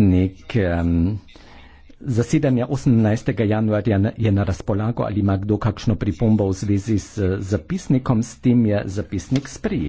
letnik. Zasedanja 18. januarja je na razpolago, ali ima kdo kakšno pripombo v zvezi z zapisnikom, s tem je zapisnik sprij.